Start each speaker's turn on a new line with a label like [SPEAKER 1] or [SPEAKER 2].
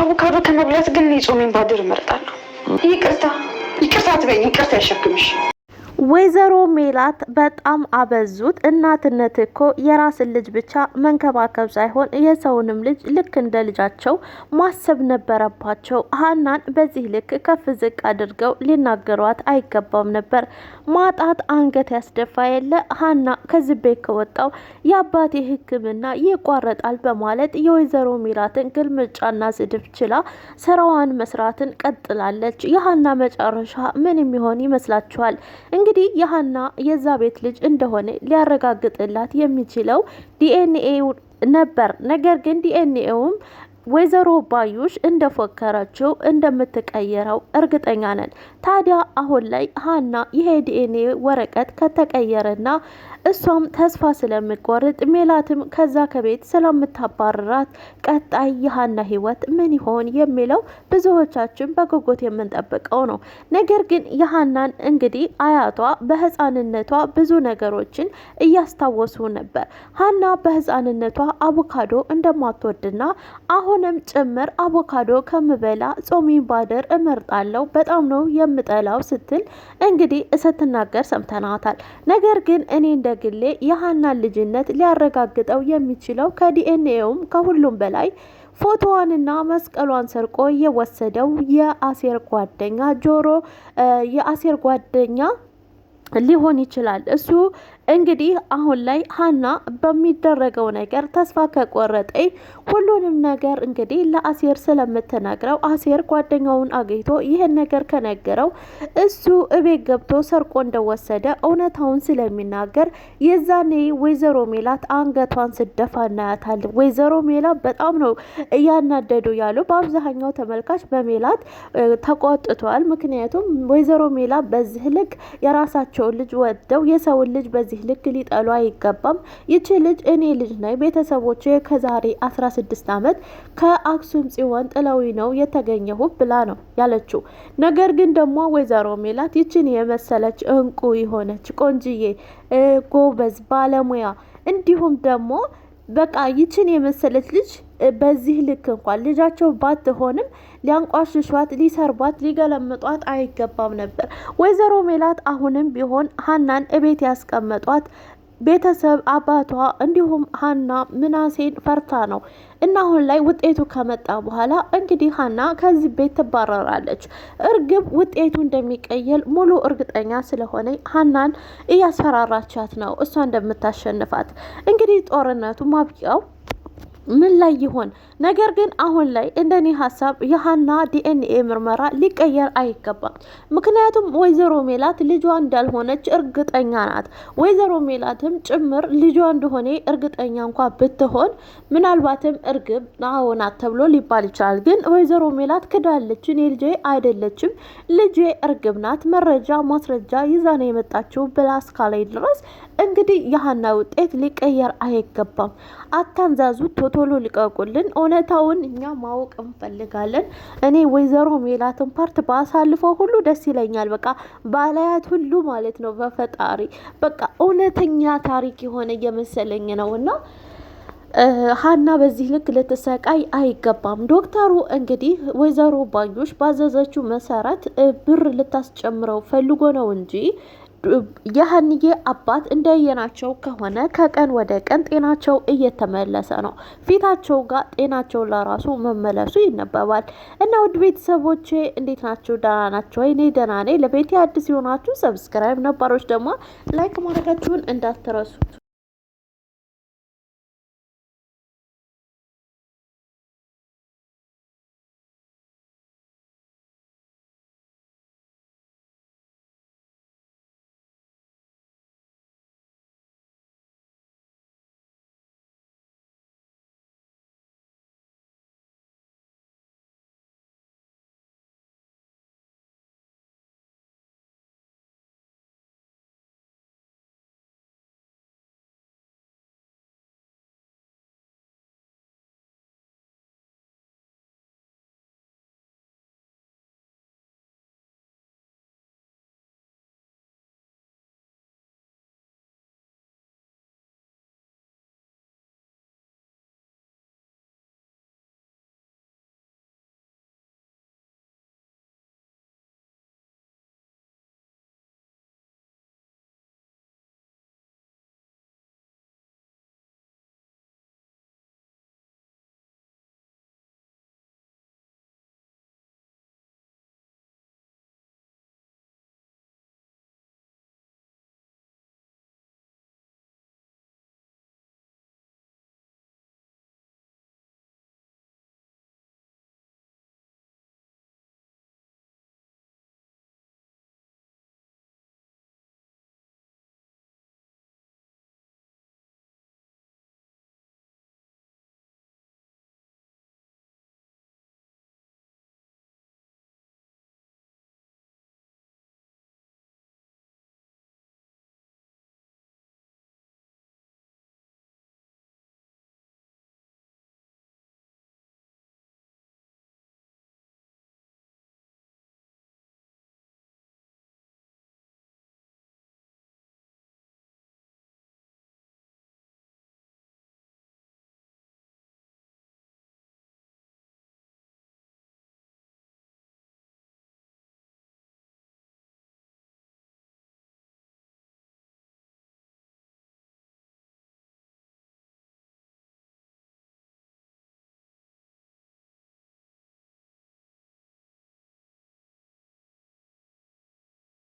[SPEAKER 1] አቮካዶ ከመብላት ግን የጾሜን ባድር እመርጣለሁ። ይቅርታ ይቅርታ አትበይኝ፣ ይቅርታ ያሸክምሽ።
[SPEAKER 2] ወይዘሮ ሜላት በጣም አበዙት። እናትነት እኮ የራስን ልጅ ብቻ መንከባከብ ሳይሆን የሰውንም ልጅ ልክ እንደ ልጃቸው ማሰብ ነበረባቸው። ሀናን በዚህ ልክ ከፍ ዝቅ አድርገው ሊናገሯት አይገባም ነበር። ማጣት አንገት ያስደፋ የለ ሀና ከዚህ ቤት ከወጣው የአባቴ ሕክምና ይቋረጣል በማለት የወይዘሮ ሜላትን ግልምጫና ስድብ ችላ ስራዋን መስራትን ቀጥላለች። የሀና መጨረሻ ምን የሚሆን ይመስላችኋል? እንግዲህ የሀና የዛ ቤት ልጅ እንደሆነ ሊያረጋግጥላት የሚችለው ዲኤንኤ ነበር። ነገር ግን ዲኤንኤውም ወይዘሮ ባዩሽ እንደፎከረችው እንደምትቀየረው እርግጠኛ ነን። ታዲያ አሁን ላይ ሀና ይሄ ዲኤንኤ ወረቀት ከተቀየረና እሷም ተስፋ ስለምቆርጥ ሜላትም ከዛ ከቤት ስለምታባርራት ቀጣይ የሀና ህይወት ምን ይሆን የሚለው ብዙዎቻችን በጉጉት የምንጠብቀው ነው። ነገር ግን የሀናን እንግዲህ አያቷ በህፃንነቷ ብዙ ነገሮችን እያስታወሱ ነበር። ሀና በህፃንነቷ አቮካዶ እንደማትወድና አሁን አሁንም ጭምር አቮካዶ ከምበላ ጾሜን ባደር እመርጣለሁ በጣም ነው የምጠላው ስትል እንግዲህ ስትናገር ሰምተናታል። ነገር ግን እኔ እንደ ግሌ የሀናን ልጅነት ሊያረጋግጠው የሚችለው ከዲኤንኤውም ከሁሉም በላይ ፎቶዋንና መስቀሏን ሰርቆ የወሰደው የአሴር ጓደኛ ጆሮ የአሴር ጓደኛ ሊሆን ይችላል። እሱ እንግዲህ አሁን ላይ ሀና በሚደረገው ነገር ተስፋ ከቆረጠኝ ሁሉንም ነገር እንግዲህ ለአሴር ስለምትነግረው አሴር ጓደኛውን አግኝቶ ይህን ነገር ከነገረው እሱ እቤት ገብቶ ሰርቆ እንደወሰደ እውነታውን ስለሚናገር የዛኔ ወይዘሮ ሜላት አንገቷን ስደፋ እናያታል። ወይዘሮ ሜላት በጣም ነው እያናደዱ ያሉ። በአብዛኛው ተመልካች በሜላት ተቆጥቷል። ምክንያቱም ወይዘሮ ሜላት በዚህ ልክ የራሳቸው የራሳቸውን ልጅ ወደው የሰውን ልጅ በዚህ ልክ ሊጠሉ አይገባም። ይቺ ልጅ እኔ ልጅ ነኝ። ቤተሰቦች ከዛሬ 16 አመት ከአክሱም ጽዮን ጥለዊ ነው የተገኘሁት ብላ ነው ያለችው። ነገር ግን ደግሞ ወይዘሮ ሜላት ይችን የመሰለች እንቁ የሆነች ቆንጅዬ፣ ጎበዝ፣ ባለሙያ እንዲሁም ደግሞ በቃ ይችን የመሰለች ልጅ በዚህ ልክ እንኳን ልጃቸው ባትሆንም ሊያንቋሽሿት፣ ሊሰርቧት፣ ሊገለምጧት አይገባም ነበር። ወይዘሮ ሜላት አሁንም ቢሆን ሀናን እቤት ያስቀመጧት ቤተሰብ አባቷ እንዲሁም ሀና ምናሴን ፈርታ ነው እና አሁን ላይ ውጤቱ ከመጣ በኋላ እንግዲህ ሀና ከዚህ ቤት ትባረራለች። እርግብ ውጤቱ እንደሚቀየል ሙሉ እርግጠኛ ስለሆነ ሀናን እያስፈራራቻት ነው እሷ እንደምታሸንፋት። እንግዲህ ጦርነቱ ማብቂያው ምን ላይ ይሆን? ነገር ግን አሁን ላይ እንደኔ ሀሳብ የሀና ዲኤንኤ ምርመራ ሊቀየር አይገባም። ምክንያቱም ወይዘሮ ሜላት ልጇ እንዳልሆነች እርግጠኛ ናት። ወይዘሮ ሜላትም ጭምር ልጇ እንደሆነ እርግጠኛ እንኳ ብትሆን ምናልባትም እርግብ ናሆናት ተብሎ ሊባል ይችላል። ግን ወይዘሮ ሜላት ክዳለች፣ እኔ ልጄ አይደለችም፣ ልጄ እርግብ ናት፣ መረጃ ማስረጃ ይዛ ነው የመጣችው ብላ እስካላይ ድረስ እንግዲህ የሀና ውጤት ሊቀየር አይገባም። አታንዛዙ ቶቶ ቶሎ ልቀቁልን፣ እውነታውን እኛ ማወቅ እንፈልጋለን። እኔ ወይዘሮ ሜላትን ፓርት ባሳልፈው ሁሉ ደስ ይለኛል። በቃ ባላያት ሁሉ ማለት ነው። በፈጣሪ በቃ እውነተኛ ታሪክ የሆነ እየመሰለኝ ነው እና ሀና በዚህ ልክ ልትሰቃይ አይገባም። ዶክተሩ እንግዲህ ወይዘሮ ባዮች ባዘዘችው መሰረት ብር ልታስጨምረው ፈልጎ ነው እንጂ የሀንዬ አባት እንዳየናቸው ከሆነ ከቀን ወደ ቀን ጤናቸው እየተመለሰ ነው። ፊታቸው ጋር ጤናቸው ለራሱ መመለሱ ይነበባል። እና ውድ ቤተሰቦቼ እንዴት ናቸው? ደህና ናቸው ወይ? እኔ ደህና ነኝ። ለቤቴ አዲስ የሆናችሁ ሰብስክራይብ፣ ነባሮች ደግሞ ላይክ ማድረጋችሁን እንዳትረሱት።